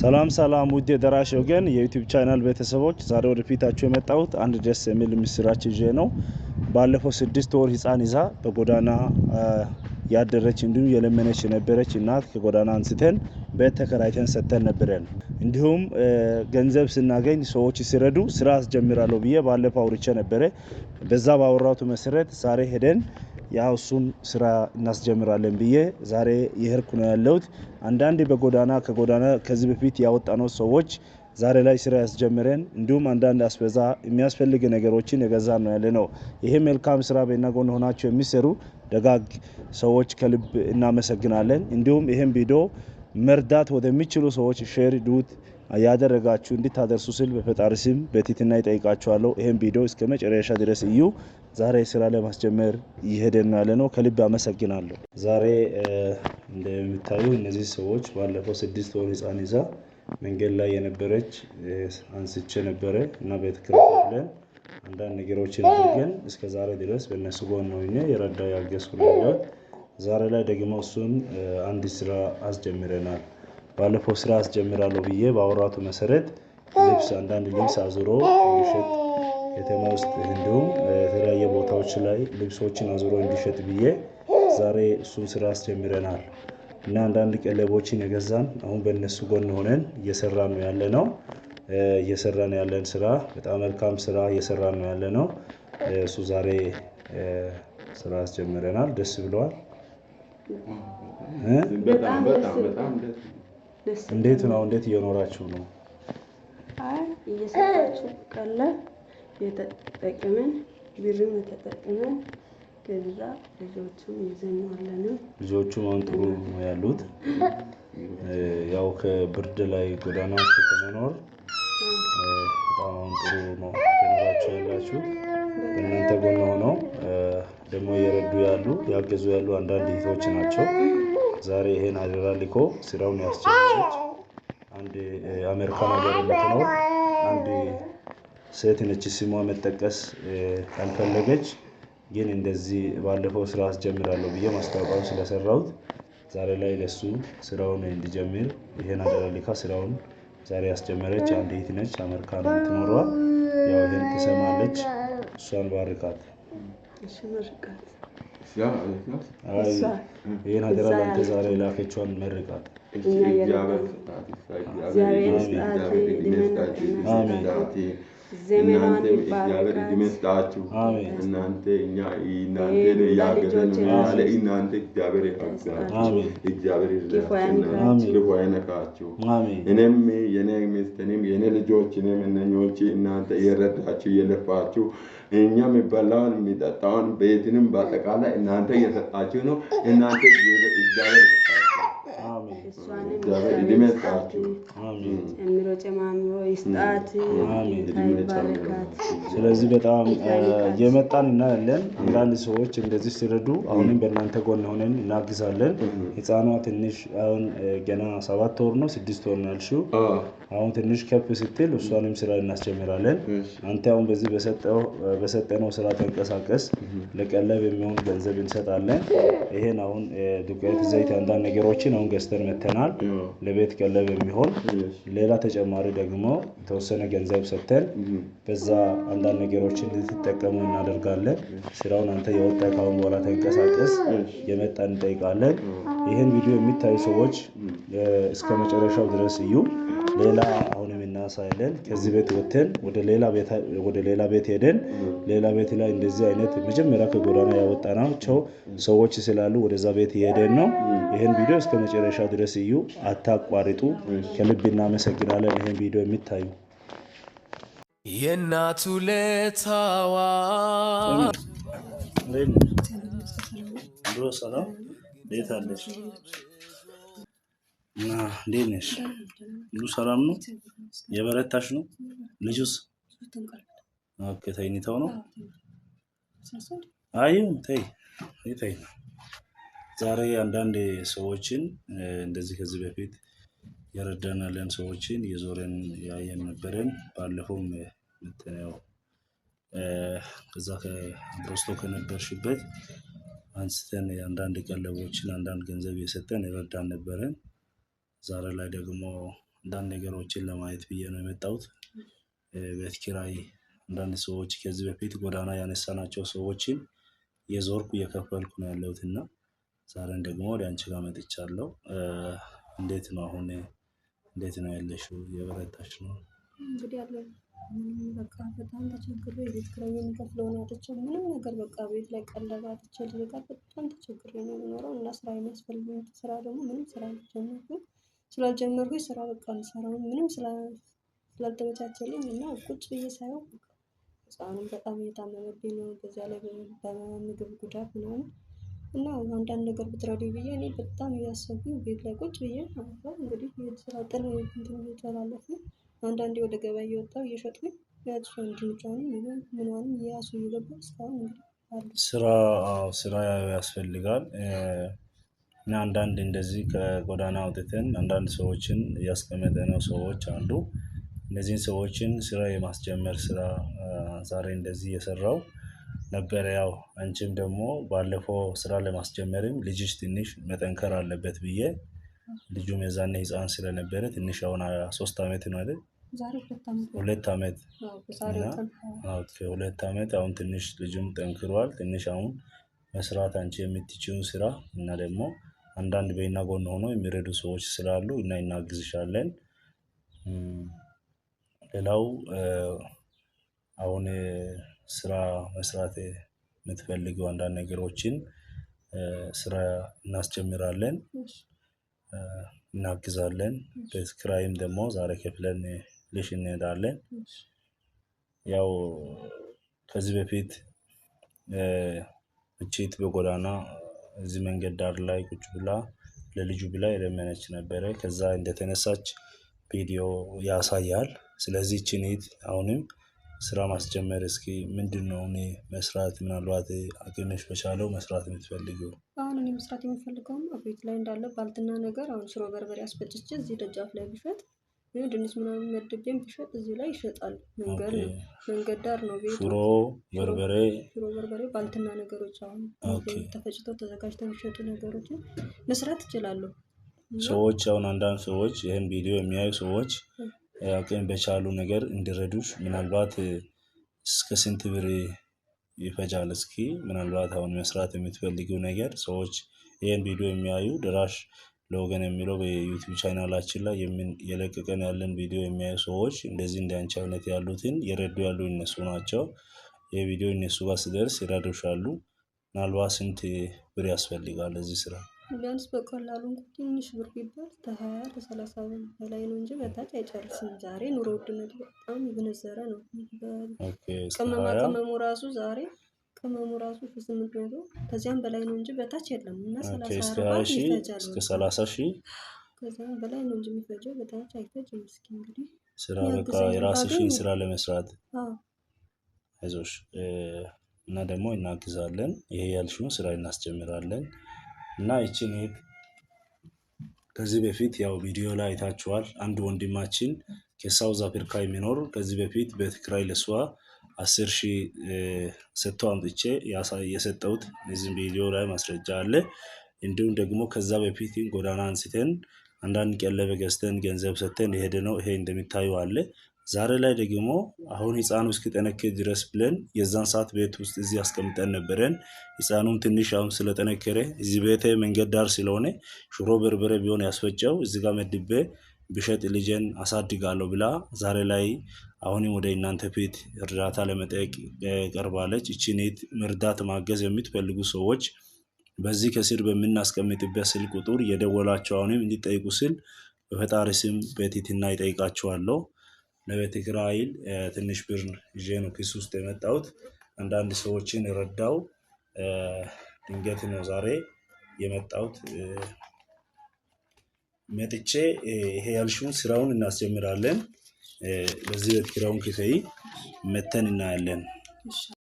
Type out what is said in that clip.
ሰላም ሰላም ውድ የደራሽ ወገን የዩቲዩብ ቻናል ቤተሰቦች፣ ዛሬ ወደ ፊታችሁ የመጣሁት አንድ ደስ የሚል ምስራች ይዤ ነው። ባለፈው ስድስት ወር ህፃን ይዛ በጎዳና ያደረች እንዲሁም የለመነች የነበረች እናት ከጎዳና አንስተን ቤት ተከራይተን ሰጥተን ነበረን። እንዲሁም ገንዘብ ስናገኝ ሰዎች ሲረዱ ስራ አስጀምራለሁ ብዬ ባለፈው አውርቼ ነበረ። በዛ ባወራቱ መሰረት ዛሬ ሄደን ያው እሱን ስራ እናስጀምራለን ብዬ ዛሬ የህርኩ ነው ያለሁት። አንዳንድ በጎዳና ከጎዳና ከዚህ በፊት ያወጣነው ሰዎች ዛሬ ላይ ስራ ያስጀምረን፣ እንዲሁም አንዳንድ አስበዛ የሚያስፈልግ ነገሮችን የገዛ ነው ያለ ነው። ይህ መልካም ስራ በእኛ ጎን የሚሰሩ ደጋግ ሰዎች ከልብ እናመሰግናለን። እንዲሁም ይህም ቪዲዮ መርዳት ወደሚችሉ ሰዎች ሼር ዱት ያደረጋችሁ እንድታደርሱ ስል በፈጣሪ ስም በትህትና ይጠይቃችኋለሁ። ይህም ቪዲዮ እስከ መጨረሻ ድረስ እዩ። ዛሬ ስራ ለማስጀመር እየሄደን ያለ ነው። ከልብ አመሰግናለሁ። ዛሬ እንደሚታዩ እነዚህ ሰዎች ባለፈው ስድስት ወር ህፃን ይዛ መንገድ ላይ የነበረች አንስቼ ነበረ እና በትክክል ብለን አንዳንድ ነገሮችን አድርገን እስከ ዛሬ ድረስ በእነሱ ጎን ነው የረዳ ያገዝኩ ያለሁት። ዛሬ ላይ ደግሞ እሱን አንድ ስራ አስጀምረናል። ባለፈው ስራ አስጀምራለሁ ብዬ በአውራቱ መሰረት ልብስ አንዳንድ ልብስ አዙሮ ሸጥ ከተማ ውስጥ እንዲሁም የተለያየ ቦታዎች ላይ ልብሶችን አዙሮ እንዲሸጥ ብዬ ዛሬ እሱን ስራ አስጀምረናል እና አንዳንድ ቀለቦችን የገዛን አሁን በእነሱ ጎን ሆነን እየሰራ ነው ያለ ነው። ነው ያለን ስራ በጣም መልካም ስራ እየሰራ ነው ያለ ነው። እሱ ዛሬ ስራ አስጀምረናል። ደስ ብለዋል። እንዴት ነው? እንዴት እየኖራችሁ ነው? የተጠቀምን ብርም የተጠቀምን ከዛ ልጆቹም ይዘኛዋለንም ልጆቹም አሁን ጥሩ ነው ያሉት። ያው ከብርድ ላይ ጎዳና ውስጥ ከመኖር በጣም አሁን ጥሩ ነው ኖራቸው ያላችሁ እናንተ ጎን ሆነው ደግሞ እየረዱ ያሉ ያገዙ ያሉ አንዳንድ እህቶች ናቸው። ዛሬ ይሄን አደራ ልኮ ስራውን ያስጀመረች አንድ አሜሪካን ሀገር የምትኖር አንድ ሴት ነች ስሟ መጠቀስ ካልፈለገች ግን እንደዚህ ባለፈው ስራ አስጀምራለሁ ብዬ ማስታወቂያውን ስለሰራሁት ዛሬ ላይ ለሱ ስራውን እንዲጀምር ይሄን አደራ ልካ ስራውን ዛሬ ያስጀመረች አንድ እህት ነች። አሜሪካን የምትኖሯ ያው ይሄን ትሰማለች። እሷን ባርካት። ይህን ሀገራ ለአንተ ዛሬ ላከችዋን መርቃት። አሜን እናንተ እግዚአብሔር እንዲመስላችሁ እናንተ እኛ እናንተ እያገዘን ያለ እናንተ እግዚአብሔር ያግዛችሁ፣ እግዚአብሔር ይርዳችሁ፣ ክፉ አይነካችሁ። እኔም የኔ ሚስትንም የኔ ልጆች እኔም እነኞች እናንተ እየረዳችሁ እየለፋችሁ እኛ የሚበላውን የሚጠጣውን ቤትንም በአጠቃላይ እናንተ እየሰጣችሁ ነው። እናንተ እግዚአብሔር ስለዚህ በጣም የመጣን እናያለን። አንዳንድ ሰዎች እንደዚህ ሲረዱ አሁንም በእናንተ ጎን ሆነን እናግዛለን። ህፃኗ ትንሽ አሁን ገና ሰባት ወር ነው፣ ስድስት ወር ናል አሁን ትንሽ ከፍ ስትል እሷንም ስራ እናስጀምራለን። አንተ አሁን በዚህ በሰጠነው ስራ ተንቀሳቀስ፣ ለቀለብ የሚሆን ገንዘብ እንሰጣለን። ይሄን አሁን ዱቄት፣ ዘይት፣ አንዳንድ ነገሮችን አሁን ገዝተን መተናል። ለቤት ቀለብ የሚሆን ሌላ ተጨማሪ ደግሞ የተወሰነ ገንዘብ ሰጥተን በዛ አንዳንድ ነገሮችን እንድትጠቀሙ እናደርጋለን። ስራውን አንተ የወጣ ካሁን በኋላ ተንቀሳቀስ የመጣ እንጠይቃለን። ይህን ቪዲዮ የሚታዩ ሰዎች እስከ መጨረሻው ድረስ እዩ። ሌላ አሁን ና ሳይለን ከዚህ ቤት ወተን ወደ ሌላ ቤት ሄደን ሌላ ቤት ላይ እንደዚህ አይነት መጀመሪያ ከጎዳና ያወጣናቸው ሰዎች ስላሉ ወደዛ ቤት እየሄደን ነው። ይህን ቪዲዮ እስከ መጨረሻ ድረስ እዩ፣ አታቋርጡ። ከልብ እናመሰግናለን። ይህን ቪዲዮ የሚታዩ የእናቱ ለታዋ እንዴት ነሽ? ሁሉ ሰላም ነው? የበረታሽ ነው ልጁስ? ኦኬ ተኝተው ነው? አይ ተይ ተይ። ዛሬ አንዳንድ ሰዎችን እንደዚህ ከዚህ በፊት የረዳናለን ሰዎችን የዞረን ያየን ነበረን። ባለፈውም ምትነው ከዛ ከብሮስቶ ከነበርሽበት አንስተን አንዳንድ ቀለቦችን አንዳንድ ገንዘብ የሰጠን የረዳን ነበረን። ዛሬ ላይ ደግሞ አንዳንድ ነገሮችን ለማየት ብዬ ነው የመጣሁት። ቤት ኪራይ አንዳንድ ሰዎች ከዚህ በፊት ጎዳና ያነሳናቸው ሰዎችን የዞርኩ እየከፈልኩ ነው ያለሁት እና ዛሬን ደግሞ ወደ አንቺ ጋር መጥቻለሁ። እንዴት ነው አሁን? እንዴት ነው ያለሽው? እየበረታሽ ነው? እንግዲህ በቃ በጣም ቤት አጥቼ ምንም ነገር በቃ ቤት ላይ ቀለብ አጥቼ በጣም ነው የምኖረው እና ስራ የሚያስፈልገኝ ስራ ደግሞ ምንም ስራ አልጀመርኩም። ስላልጀመርኩ ስራ በቃ የምሰራው ምንም ስላልተመቻቸልኝ እና ቁጭ ብዬ ሳየው ህፃኑም በጣም እየታመመብኝ ነው። በዛ ላይ በምግብ ጉዳት ምናምን እና አንዳንድ ነገር ብትረዱ ብዬ እኔ በጣም እያሰብኩኝ ቤት ላይ ቁጭ ብዬ አሁን እንግዲህ ስራ ጥር እንትን እየተላለፍ ነው። አንዳንዴ ወደ ገበያ እየወጣሁ እየሸጥኩኝ ያጭ እንድንጫኑ ምናምን እያሱ እየገባ እስካሁን ስራ ስራ ያስፈልጋል። እና አንዳንድ እንደዚህ ከጎዳና አውጥተን አንዳንድ ሰዎችን እያስቀመጠ ነው ሰዎች አሉ። እነዚህን ሰዎችን ስራ የማስጀመር ስራ ዛሬ እንደዚህ የሰራው ነበረ። ያው አንቺም ደግሞ ባለፈው ስራ ለማስጀመርም ልጅሽ ትንሽ መጠንከር አለበት ብዬ ልጁም የዛኔ ህፃን ስለነበረ ትንሽ አሁን ሶስት አመት ነው አይደል? ሁለት አመት ሁለት አመት አሁን ትንሽ ልጁም ጠንክሯል። ትንሽ አሁን መስራት አንቺ የምትችውን ስራ እና ደግሞ አንዳንድ በይና ጎን ሆኖ የሚረዱ ሰዎች ስላሉ እና እናግዝሻለን። ሌላው አሁን ስራ መስራት የምትፈልገው አንዳንድ ነገሮችን ስራ እናስጀምራለን፣ እናግዛለን። ቤት ደግሞ ዛሬ ከፍለን ልሽ እንሄዳለን። ያው ከዚህ በፊት ምችት በጎዳና እዚህ መንገድ ዳር ላይ ቁጭ ብላ ለልጁ ብላ የለመነች ነበረ። ከዛ እንደተነሳች ቪዲዮ ያሳያል። ስለዚህ ችኒት አሁንም ስራ ማስጀመር እስኪ ምንድን ነው እኔ መስራት ምናልባት አቅምሽ በቻለው መስራት የምትፈልገው? አሁን እኔ መስራት የምፈልገውም ቤት ላይ እንዳለ ባልትና ነገር አሁን ሽሮ በርበሬ አስፈጭቼ እዚህ ደጃፍ ላይ ብሸጥ ድንች ምናምን መድቤን ብሸጥ እዚህ ላይ ይሸጣል። መንገድ ነው፣ መንገድ ዳር ነው ቤቱ። ሽሮ በርበሬ፣ ሽሮ በርበሬ፣ ባልትና ነገሮች አሁን ተፈጭተው ተዘጋጅተው የሚሸጡ ነገሮችን መስራት እችላለሁ። ሰዎች አሁን አንዳንድ ሰዎች ይህን ቪዲዮ የሚያዩ ሰዎች አቅም በቻሉ ነገር እንዲረዱሽ ምናልባት እስከ ስንት ብር ይፈጃል? እስኪ ምናልባት አሁን መስራት የምትፈልጊው ነገር ሰዎች ይህን ቪዲዮ የሚያዩ ድራሽ ለወገን የሚለው በዩቲዩብ ቻናላችን ላይ የለቀቀን ያለን ቪዲዮ የሚያዩ ሰዎች እንደዚህ እንደ አይነት ያሉትን የረዱ ያሉ እነሱ ናቸው። የቪዲዮ እነሱ ጋር ስደርስ ይረዱሻሉ። ምናልባት ስንት ብር ያስፈልጋል እዚህ ስራ? ቢያንስ በቀላሉ እንኳ ትንሽ ብር ቢባል ከሀያ ከሰላሳ ብር በላይ ነው እንጂ በታች አይጨርስም። ዛሬ ኑሮ ውድነት በጣም የገነዘረ ነው። ቅመማ ቅመሙ ራሱ ዛሬ ቅመሙ ራሱ ብዙ ምክንያቱ ከዚያም በላይ ነው እንጂ በታች የለም እና እስከ ሰላሳ ሺህ ከዚያም በላይ ነው እንጂ የሚፈጀው በታች አይፈጅም። እስኪ እንግዲህ ስራ በቃ የራስሽን ስራ ለመስራት አይዞሽ እና ደግሞ እናግዛለን። ይሄ ያልሽውን ስራ እናስጀምራለን እና ይችን ሄድ ከዚህ በፊት ያው ቪዲዮ ላይ አይታችኋል። አንድ ወንድማችን ከሳውዝ አፍሪካ የሚኖር ከዚህ በፊት በትግራይ ለሷ አስር ሺህ ሰጥቶ አምጥቼ የሰጠሁት እዚህም ቪዲዮ ላይ ማስረጃ አለ። እንዲሁም ደግሞ ከዛ በፊት ጎዳና አንስተን አንዳንድ ቀለበ ገዝተን ገንዘብ ሰጥተን የሄደ ነው። ይሄ እንደሚታዩ አለ። ዛሬ ላይ ደግሞ አሁን ህፃኑ እስኪጠነክር ድረስ ብለን የዛን ሰዓት ቤት ውስጥ እዚህ አስቀምጠን ነበረን። ህፃኑም ትንሽ አሁን ስለጠነከረ እዚህ ቤተ መንገድ ዳር ስለሆነ ሽሮ በርበረ ቢሆን ያስፈጨው እዚህ ጋር መድቤ ብሸጥ ልጄን አሳድጋለሁ ብላ ዛሬ ላይ አሁንም ወደ እናንተ ፊት እርዳታ ለመጠየቅ ቀርባለች። እቺን እህት ማገዝ የምትፈልጉ ሰዎች በዚህ ከስር በምናስቀምጥበት ስልክ ቁጥር የደወላችሁ አሁንም እንዲጠይቁ ስል በፈጣሪ ስም በትህትና ይጠይቃቸዋለሁ። ለቤተ ትንሽ ብር ይዤ ነው ኪስ ውስጥ የመጣሁት። አንዳንድ ሰዎችን ረዳው። ድንገት ነው ዛሬ የመጣሁት። መጥቼ ይሄ ያልሽውን ስራውን እናስጀምራለን። በዚህ ኪራዩን ክፈይ መተን እናያለን።